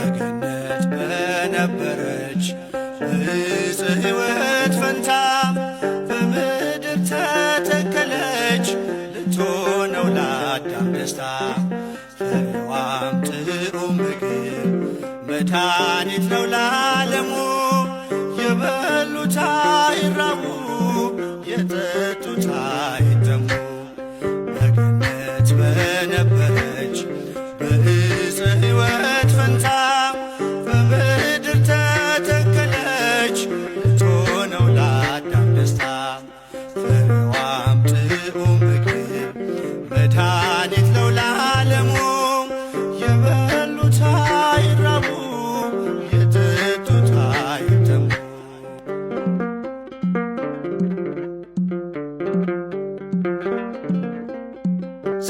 በገነት በነበረች እፀ ሕይወት ፈንታ በምድር ተተከለች ልትሆነው ለአዳም ደስታ ፍሬዋም ጥሩ ምግብ መድኃኒት ነው ላለሙ የበሉት አይራቡ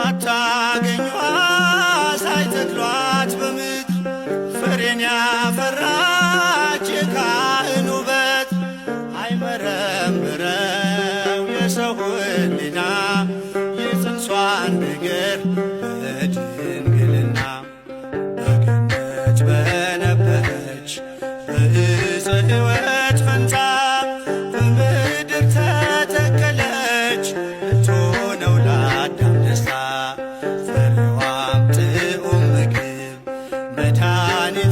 ሳታገኟ ሳይተክሏት በምድር ፍሬን ያፈራች የካህን ውበት አይመረምረው የሰው ሕሊና የፅንሷን ነገር በድ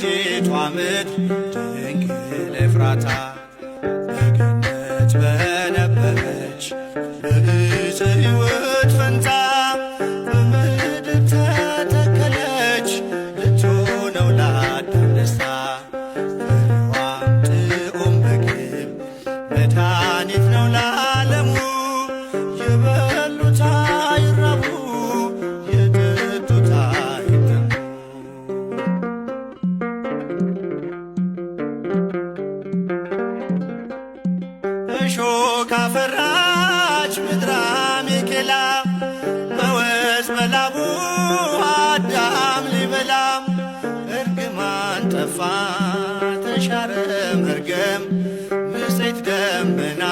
በሴቷ ምጥ ድንግል ኤፍራታ በገነት በነበረች በዕፀ ሕይወት ፈንታ ሊሾ ካፈራች ምድራ ሚኬላ በወስበላ አዳም ሊበላ እርግማን ጠፋ ተሻረ መርገም ምጽት ደመና